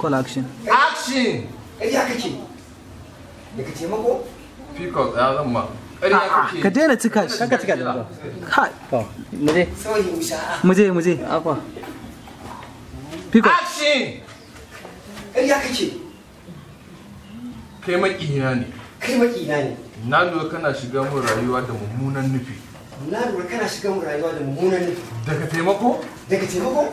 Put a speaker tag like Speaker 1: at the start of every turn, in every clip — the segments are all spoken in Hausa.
Speaker 1: Call action. Action! Ƙarya kake. Daga taimako? Peacock ya zan ma. Ka daina cika shi. Kaka cika da ba. Kai. Mu je. Mu je mu je. Akwa. Peacock. Action! Ƙarya kake. Kai maƙina ne. Kai maƙina ne. Na lura kana shiga mun rayuwa da mummunan nufi. Na lura kana shiga mun rayuwa da mummunan nufi. Daga taimako? Daga taimako?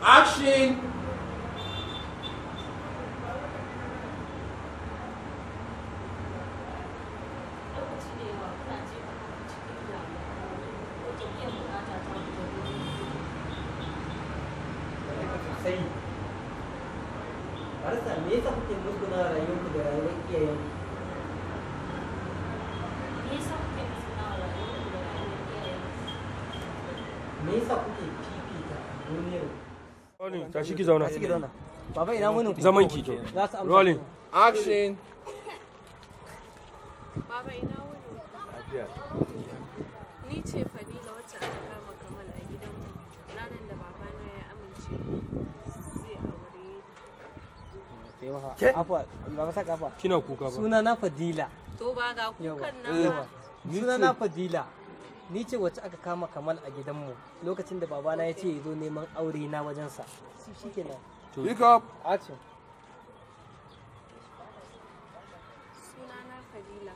Speaker 1: action
Speaker 2: Barasa me da ni ce fadila wacce aka kama a gidan ranar da babana ya amince
Speaker 1: zai afuwa. kina kuka ba suna na fadila to ba ga kukan ba. suna na fadila ni ce wacce aka kama kamal a gidanmu lokacin da babana ya ce ya zo neman aure na wajensa shi kenan pick up action sunana fadila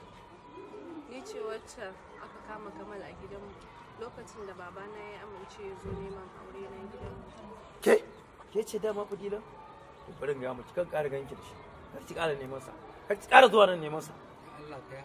Speaker 1: ni ce wacce aka kama kamal a gidanmu lokacin da babana ya amince ya zo neman aure na gidanmu ke
Speaker 2: ke ce dama fadila bari ga mu kikan ƙara ganki da shi kar ki kara neman sa kar ki
Speaker 3: zuwa nan neman sa
Speaker 1: Allah ka yi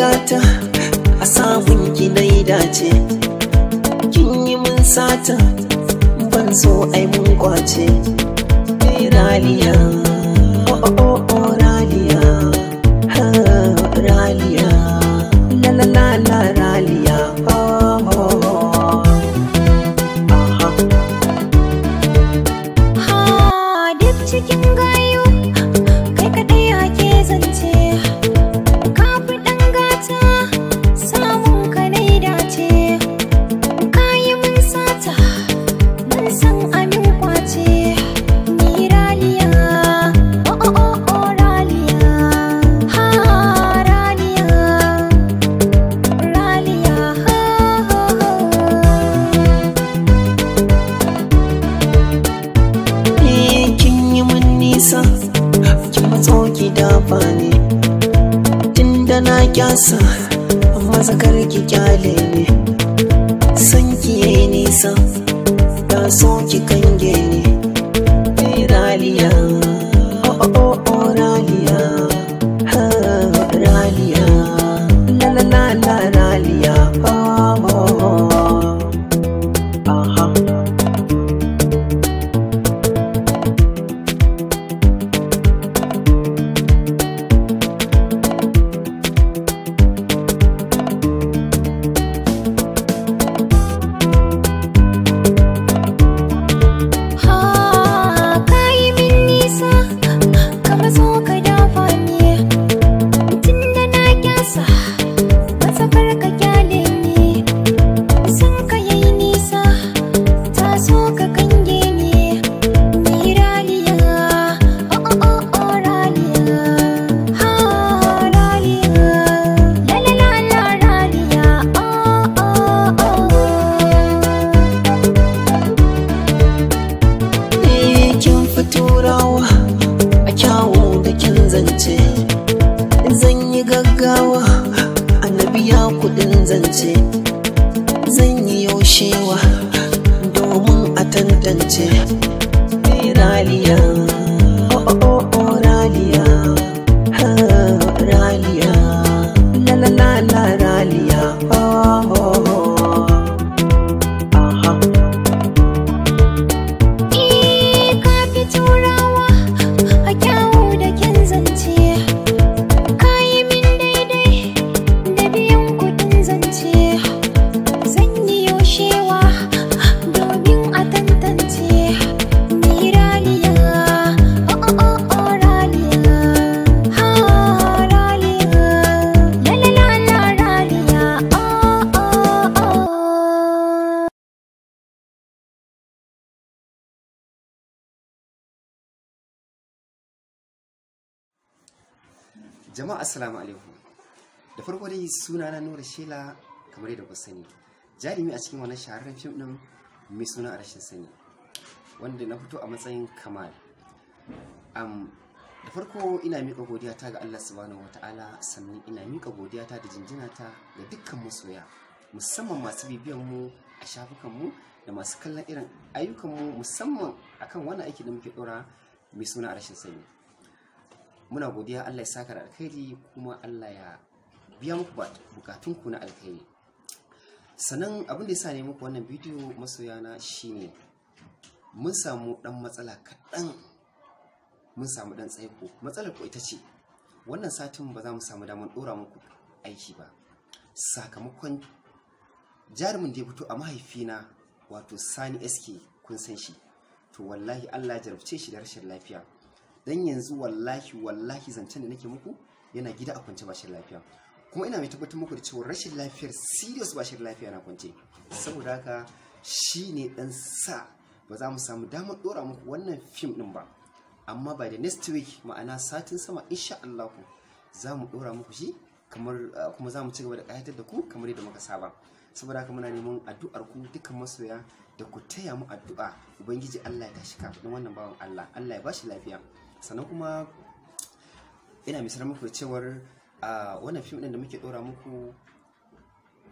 Speaker 2: gata a sabon ki dai dace kin yi mun sata ban so ai mun kwace raliya raliya raliya kyasa maza ki kyale ne san ki yayi nisa da so ki kange ne
Speaker 1: jama'a assalamu alaikum da farko dai suna na nura shela kamar yadda ku sani jarumi a cikin wannan shahararren fim din mai suna a rashin sani wanda na fito a matsayin kamar. um, da farko ina miƙa godiyata ga allah subhanahu wataala sannan ina miƙa godiyata da jinjinata ga dukkan masoya musamman masu bibiyan mu a shafukan mu da masu kallon irin mu musamman akan wannan aiki da muke ɗora mai suna a rashin sani muna godiya Allah ya saka da alkhairi kuma Allah ya biya muku bukatunku na alkhairi sannan abin da ya sa ne muku wannan bidiyo masoyana shine mun samu dan matsala kaɗan mun samu dan tsaiko matsalar ko ita ce wannan satin ba za mu samu damar ɗora muku aiki ba sakamakon jarumin da ya fito a mahaifina wato sani sk kun san shi to wallahi allah ya jarabce shi da rashin lafiya dan yanzu wallahi wallahi zancen da nake muku yana gida a kwance bashir lafiya kuma ina mai tabbatar muku da cewa rashin lafiyar serious bashir lafiya na kwance saboda haka shi ne dan sa ba za mu samu damar dora muku wannan fim din ba amma ba da next week ma'ana satin sama insha Allah za mu dora muku shi kamar ah, kuma za mu ci da kayatar da ku kamar yadda muka saba saboda haka muna neman addu'ar ku dukkan masoya da ku taya mu addu'a ubangiji Allah ya tashi kafin wannan bawan Allah Allah ya bashi lafiya sannan kuma ina misar muku cewar a wannan fim ɗin da muke ɗora muku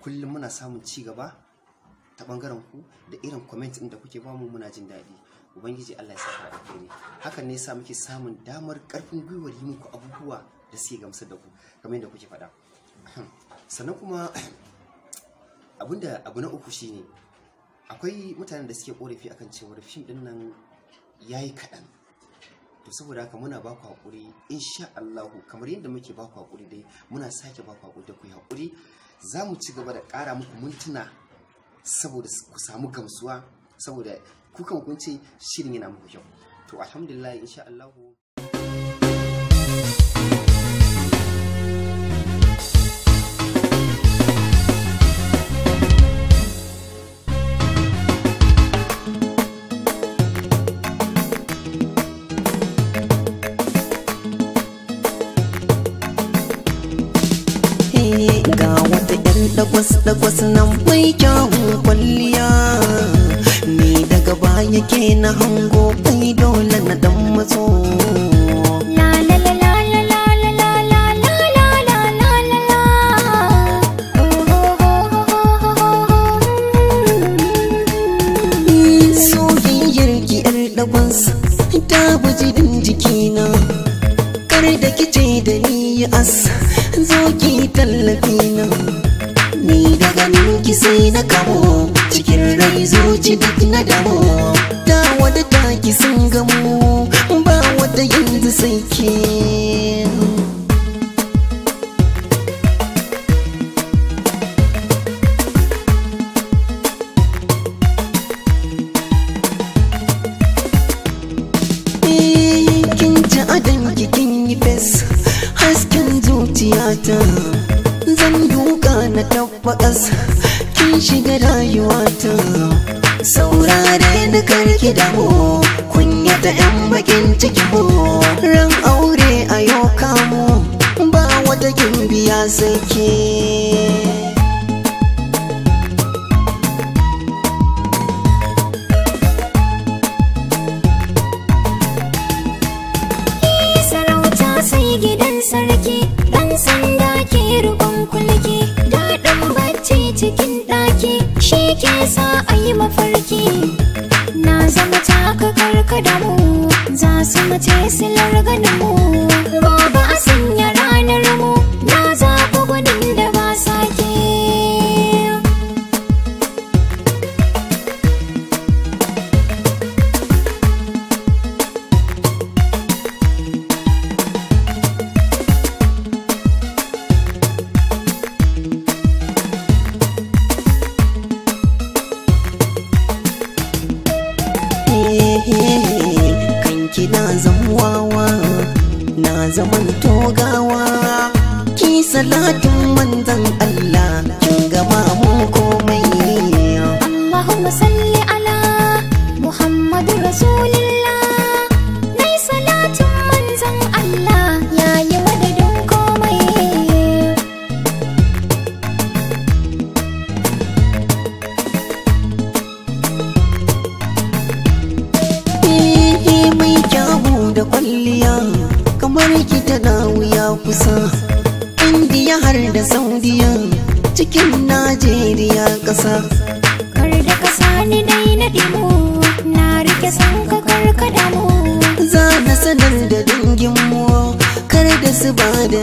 Speaker 1: kullum muna samun ci gaba ta bangaren ku da irin comment din da kuke ba mu muna jin daɗi ubangiji allah ya saka alheri hakan ne yasa muke samun damar karfin gwiwar yi muku abubuwa da suke gamsar da ku kamar yadda kuke faɗa sannan kuma abinda abu na uku shine akwai mutanen da suke korafi akan cewar fim ɗin nan yayi kaɗan to saboda haka muna baku ku haƙuri insha Allah kamar yadda muke baku ku haƙuri dai muna sake baku ku haƙuri da ku haƙuri za mu ci gaba da ƙara muku mintuna saboda ku samu gamsuwa saboda kukan kun ce shirin yana muku kyau to alhamdulillah insha Allah
Speaker 2: dagwas takwas nan bai kyawun kwalliya ni daga baya ke na hango bai dole na dan na kamo cikin rai zuci duk na da mu. wadda ta ki sun gamu ba wadda yanzu sai ke eh, zuciyata zan duka na tabbakas kin shiga rayuwata saurare ni karki damu ta yan bakin ciki mu ran aure a yau kamu ba wata kin biya sai
Speaker 3: gidan sarki dan sanda ke rubon kulki daɗin bacci cikin shi ke sa a yi mafarki na zama taka karka da mu za su mace silar ganin mu gobe a
Speaker 2: zaman togawa ki salatin
Speaker 3: manzan Allah kin gama mu komai Allahumma salli ala Muhammadu Rasulillah nai salatin manzan Allah yayi madadin komai
Speaker 2: Ee mai kyawu da kwallo indiya har da saudiya cikin najeriya ƙasa kar da ƙasa ni dai na dimo na rike san ka karkada mu za na sanar
Speaker 3: da dangin mu kar da su ba da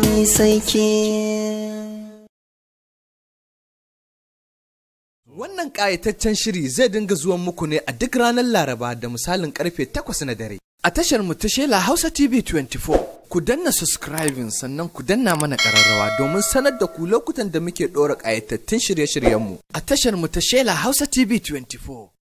Speaker 1: Wannan ƙayataccen shiri zai dinga zuwan muku ne a duk ranar Laraba da misalin ƙarfe 8 na dare. A tashar mu ta Shela Hausa TV 24. ku danna subscribing sannan ku danna mana ƙararrawa domin sanar da ku lokutan da muke ɗora ƙayatattun shirye-shiryenmu a tashar mu ta Shela Hausa TV 24.